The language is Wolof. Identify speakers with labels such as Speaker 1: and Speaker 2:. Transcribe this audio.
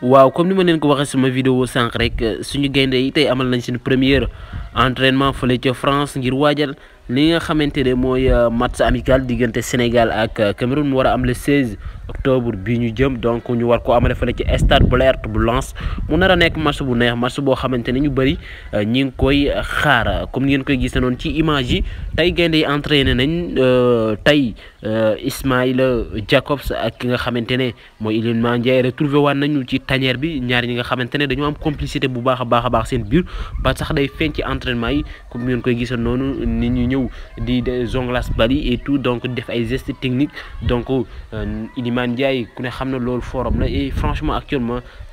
Speaker 1: waaw comme ni ma leen ko waxee sama video sànq rek suñu gaynde yi tey amal nañ seen première entraînement fële ca France ngir waajal li nga xamantene moy euh, match amical diggante Sénégal ak euh, Cameroun mu wara am le 16 octobre bi ñu jëm donc ñu war ko amale fële ci stade Blaert bu Lance mu nar a nekk match bu neex match bo xamantene ñu bari euh, ñi ngi koy xaar comme ni ngeen koy gissé non ci image yi tay gaynde yi entraîné nañ tay Ismaïla Jacobs ak nga xamantene moy mooy Iliman Ndiaye retrouvé waan nañu ci tanière bi ñaar ñi nga xamantene dañu am complicité bu baaxa baaxa baax seen biir ba sax day feeñ ci entraînement yi comme ni koy gissé noonu ni ñu des ongles bali et tout donc des ay gestes techniques donc euh, Iliman Ndiaye ku ne xam l'eau forum et franchement actuellement